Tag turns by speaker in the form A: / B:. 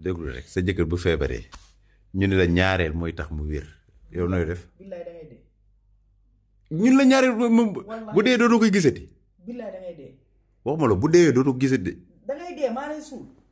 A: déglu rek sa jëkkër bu feebaree ñu ni la ñaareel mooy tax mu wér yow nooy def
B: ñun la ñaareel moom bu dee doo koy gisati. billaay da
C: la bu dee dootoo gisati.
D: da